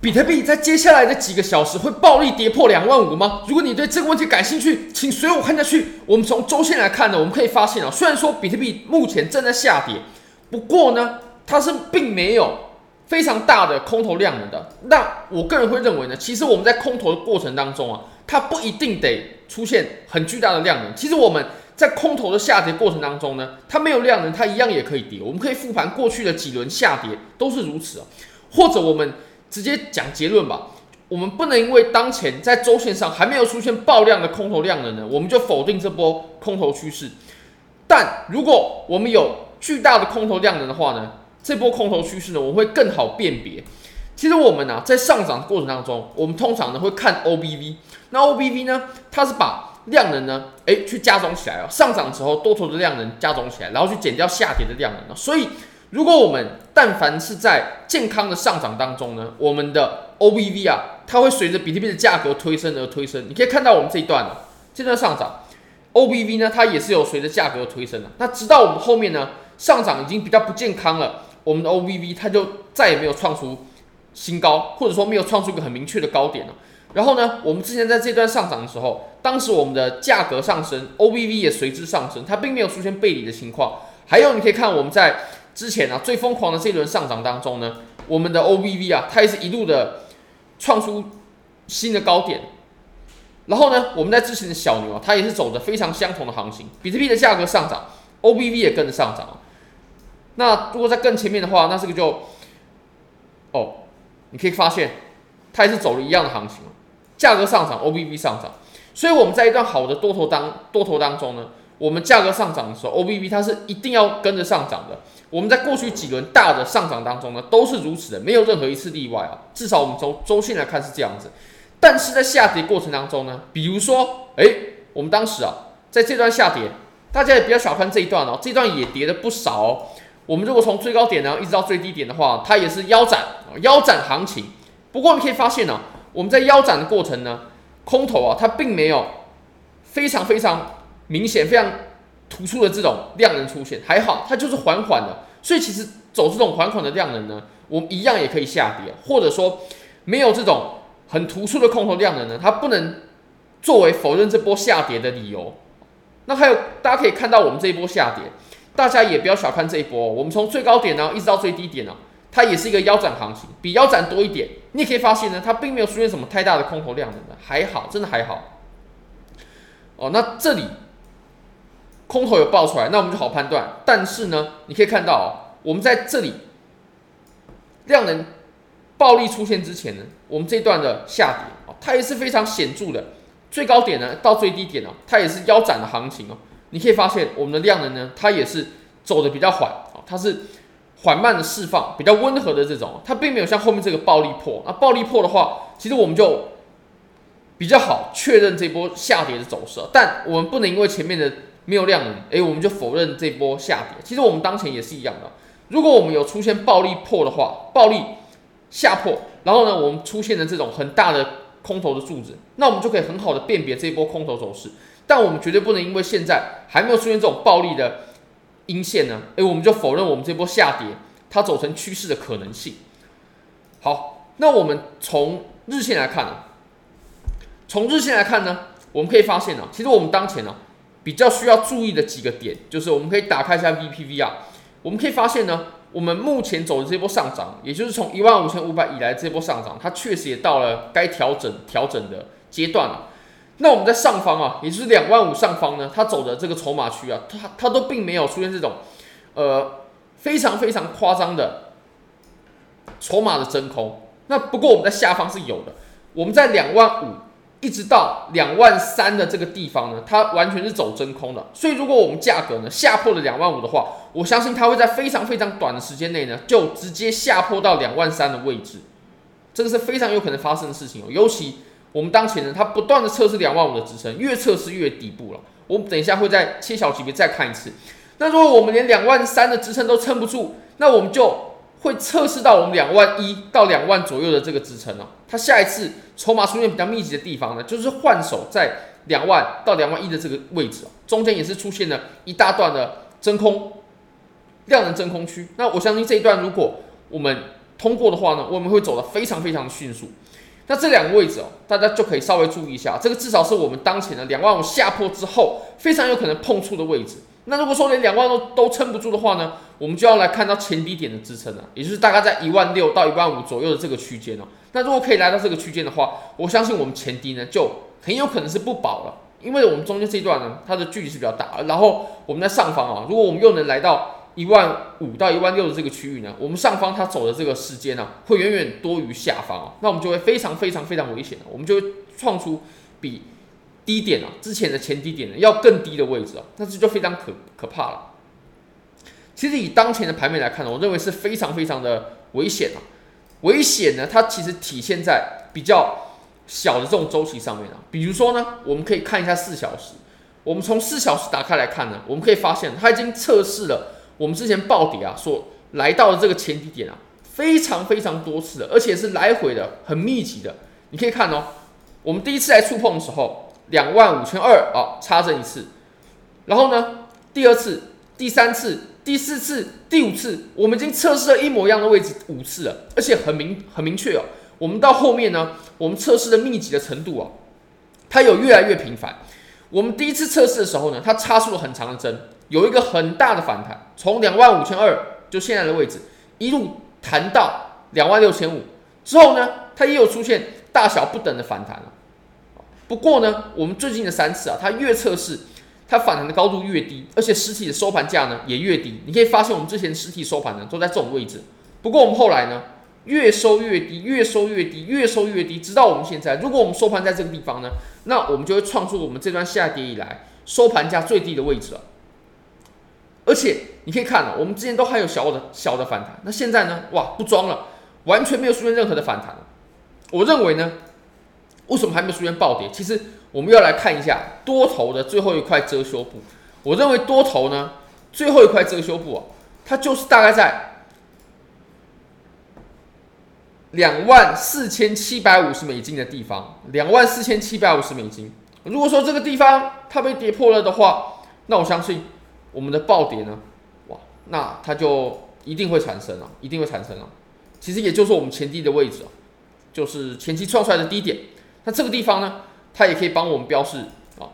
比特幣在接下來的幾個小時會暴力跌破兩萬五嗎？如果你對這個問題感興趣，請隨我看下去。我們從周線來看呢，我們可以發現啊，雖然說比特幣目前正在下跌，不過呢，它是並沒有非常大的空頭量能的。那我個人會認為呢，其實我們在空頭的過程當中啊，它不一定得出現很巨大的量能。其實我們在空頭的下跌過程當中呢，它沒有量能，它一樣也可以跌。我們可以復盤過去的幾輪下跌都是如此啊，或者我們。直接講結論吧，我們不能因為當前在週線上還沒有出現爆量的空頭量能呢，我們就否定這波空頭趨勢。但如果我們有巨大的空頭量能的話呢，這波空頭趨勢呢，我會更好辨別。其實我們啊，在上漲過程當中，我們通常呢會看 OBV，那 OBV 呢，它是把量能呢，哎，去加總起來啊，上漲之後多頭的量能加總起來，然後去減掉下跌的量能啊，所以。如果我們但凡是在健康的上漲當中呢，我們的 OBV 啊，它會隨着比特幣的價格推升而推升。你可以看到我們這一段，這段上漲 OBV 呢，它也是有隨着價格的推升的。那直到我們後面呢，上漲已經比較不健康了，我們的 OBV 它就再也沒有創出新高，或者說沒有創出一個很明確的高點了。然後呢，我們之前在這段上漲的時候，當時我們的價格上升，OBV 也隨之上升，它並沒有出現背離的情況。還有你可以看我們在。之前啊，最瘋狂的這一輪上漲當中呢，我們的 OBV 啊，它也是一路的創出新的高點，然後呢，我們在之前的小牛啊，它也是走的非常相同的行情，比特幣的價格上漲，OBV 也跟着上漲。那如果在更前面的話，那這個就哦，你可以發現它也是走了一樣的行情，價格上漲，OBV 上漲，所以我們在一段好的多頭當多頭當中呢。我們價格上漲的時候，OBV 它是一定要跟着上漲的。我們在過去幾輪大的上漲當中呢，都是如此的，沒有任何一次例外啊。至少我們從周，周線來看是這樣子。但是在下跌過程當中呢，比如說，哎，我們當時啊，在這段下跌，大家也比較小看這一段哦，這段也跌的不少。哦。我們如果從最高點然後一直到最低點的話，它也是腰斬，腰斬行情。不過你可以發現呢、啊，我們在腰斬的過程呢，空頭啊，它並沒有非常非常。明顯非常突出的這種量能出現，還好，它就是緩緩的，所以其實走這種緩緩的量能呢，我們一樣也可以下跌，或者說沒有這種很突出的空頭量能呢，它不能作為否認這波下跌的理由。那還有，大家可以看到我們這一波下跌，大家也不要小看這一波，我們從最高點呢一直到最低點呢，它也是一個腰斬行情，比腰斬多一點。你也可以發現呢，它並沒有出現什麼太大的空頭量能的，還好，真的還好。哦，那這裡。空頭有爆出來，那我們就好判斷。但是呢，你可以看到哦，我們在這裡量能暴力出現之前呢，我們這段的下跌啊，它也是非常顯著的。最高點呢到最低點哦，它也是腰斬的行情哦。你可以發現，我們的量能呢，它也是走的比較緩啊，它是緩慢的釋放，比較溫和的這種，它並沒有像後面這個暴力破。那暴力破的話，其實我們就比較好確認這波下跌的走勢，但我們不能因為前面的。沒有量能，哎、欸，我們就否認這波下跌。其實我們當前也是一樣的。如果我們有出現暴力破的話，暴力下破，然後呢，我們出現了這種很大的空頭的柱子，那我們就可以很好的辨別這一波空頭走勢。但我們絕對不能因為現在還沒有出現這種暴力的陰線呢，哎、欸，我們就否認我們這波下跌它走成趨勢的可能性。好，那我們從日線來看啊，從日線來看呢，我們可以發現呢、啊，其實我們當前呢、啊。比較需要注意的幾個點，就是我們可以打開一下 V P V R 啊，我們可以發現呢，我們目前走的這波上漲，也就是從一萬五千五百以來這波上漲，它確實也到了該調整調整的階段了。那我們在上方啊，也就是兩萬五上方呢，它走的這個籌碼區啊，它它都並沒有出現這種呃非常非常誇張的籌碼的真空。那不過我們在下方是有的，我們在兩萬五。一直到兩萬三的這個地方呢，它完全是走真空的。所以，如果我們價格呢下破了兩萬五的話，我相信它會在非常非常短的時間內呢，就直接下破到兩萬三的位置。這個是非常有可能發生的事情哦。尤其我們當前呢，它不斷的測試兩萬五的支撐，越測試越底部了。我們等一下會再切小級別再看一次。那如果我們連兩萬三的支撐都撐不住，那我們就。會測試到我們兩萬一到兩萬左右的這個支撐哦，它下一次籌碼出現比較密集的地方呢，就是換手在兩萬到兩萬一的這個位置哦，中間也是出現了一大段的真空量能真空區。那我相信這一段如果我們通過的話呢，我們會走得非常非常迅速。那這兩個位置哦，大家就可以稍微注意一下，這個至少是我們當前的兩萬五下破之後非常有可能碰觸的位置。那如果說連兩萬都都撐不住的話呢，我們就要來看到前低點的支撐了，也就是大概在一萬六到一萬五左右的這個區間哦。那如果可以來到這個區間的話，我相信我們前低呢就很有可能是不保了，因為我們中間這一段呢，它的距離是比較大。然後我們在上方啊，如果我們又能來到一萬五到一萬六的這個區域呢，我們上方它走的這個時間呢啊，會遠遠多於下方啊，那我們就會非常非常非常危險，我們就會創出比。低點啊，之前的前低點呢，要更低的位置啊，那這就非常可可怕了。其實以當前的盤面來看呢，我認為是非常非常的危險啊。危險呢，它其實體現在比較小的這種周期上面啊。比如說呢，我們可以看一下四小時，我們從四小時打開來看呢，我們可以發現它已經測試了我們之前暴跌啊，所來到的這個前低點啊，非常非常多次的，而且是來回的，很密集的。你可以看哦，我們第一次來觸碰的時候。兩萬五千二啊，插針一次，然後呢，第二次、第三次、第四次、第五次，我們已經測試了一模一樣的位置五次了，而且很明很明確哦。我們到後面呢，我們測試的密集的程度啊、哦，它有越來越頻繁。我們第一次測試的時候呢，它插出了很長的針，有一個很大的反彈，從兩萬五千二就現在的位置一路彈到兩萬六千五之後呢，它又出現大小不等的反彈了。不過呢，我們最近的三次啊，它越測試，它反彈的高度越低，而且實體的收盤價呢也越低。你可以發現，我們之前實體收盤呢都在這種位置。不過我們後來呢，越收越低，越收越低，越收越低，直到我們現在。如果我們收盤在這個地方呢，那我們就會創出我們這段下跌以來收盤價最低的位置了。而且你可以看哦，我們之前都還有小的、小的反彈，那現在呢？哇，不裝了，完全沒有出現任何的反彈。我認為呢。為什麼還沒有出現暴跌？其實我們要來看一下多頭的最後一塊遮羞布。我認為多頭呢最後一塊遮羞布啊，它就是大概在兩萬四千七百五十美金的地方。兩萬四千七百五十美金，如果說這個地方它被跌破了的話，那我相信我們的暴跌呢，哇，那它就一定會產生了啊，一定會產生了啊。其實也就是我們前低的位置啊，就是前期創出來的低點。那這個地方呢，它也可以幫我們標示啊，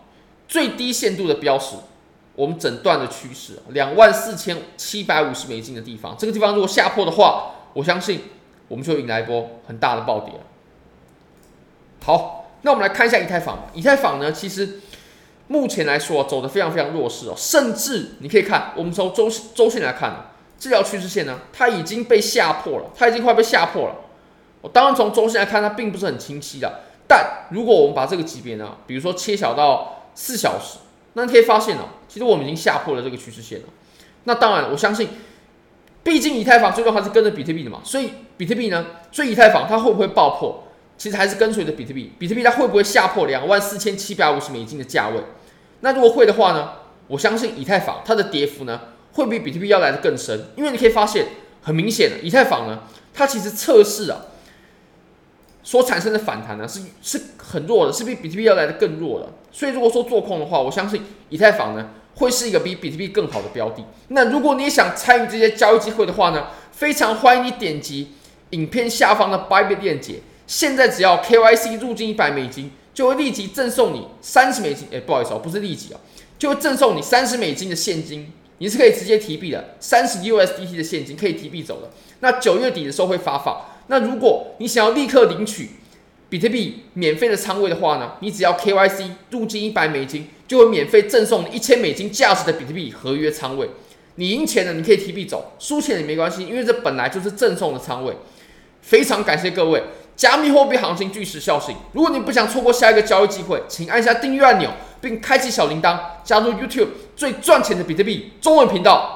最低限度的標識。我們整段的趨勢，兩萬四千七百五十美金的地方，這個地方如果下破的話，我相信我們就迎來一波很大的暴跌了。好，那我們來看一下以太坊，以太坊呢，其實目前來說走得非常非常弱勢哦，甚至你可以看，我們從周週線來看，這條趨勢線呢，它已經被下破了，它已經快被下破了。我當然從週線來看，它並不是很清晰的。但如果我們把這個級別呢、啊，比如說切小到四小時，那你可以發現呢、啊，其實我們已經下破了這個趨勢線了。那當然，我相信，畢竟以太坊最終還是跟着比特幣的嘛，所以比特幣呢，所以以太坊它會不會爆破，其實還是跟隨着比特幣。比特幣它會不會下破兩萬四千七百五十美金的價位？那如果會的話呢，我相信以太坊它的跌幅呢，會比比、比特幣要來得更深，因為你可以發現，很明顯，以太坊呢，它其實測試啊。所產生的反彈呢，是是很弱的，是比比特幣要來的更弱的。所以如果說做空的話，我相信以太坊呢，會是一個比比特幣更好的標的。那如果你想參與這些交易機會的話呢，非常歡迎你點擊影片下方的 BYBIT 鏈接。現在只要 KYC 入金一百美金，就會立即贈送你三十美金。哎、欸，不好意思，不是立即哦、喔，就會贈送你三十美金的現金，你是可以直接提幣的，三十 USDT 的現金可以提幣走的。那九月底的時候會發放。那如果你想要立刻領取比特幣免費的倉位的話呢，你只要 KYC 入金一百美金，就會免費贈送你一千美金價值的比特幣合約倉位。你贏錢了，你可以提幣走；輸錢也沒關係，因為這本來就是贈送的倉位。非常感謝各位，加密貨幣行情具時效性。如果你不想錯過下一個交易機會，請按下訂閱按鈕，並開啟小鈴鐺，加入 YouTube 最賺錢的比特幣中文頻道。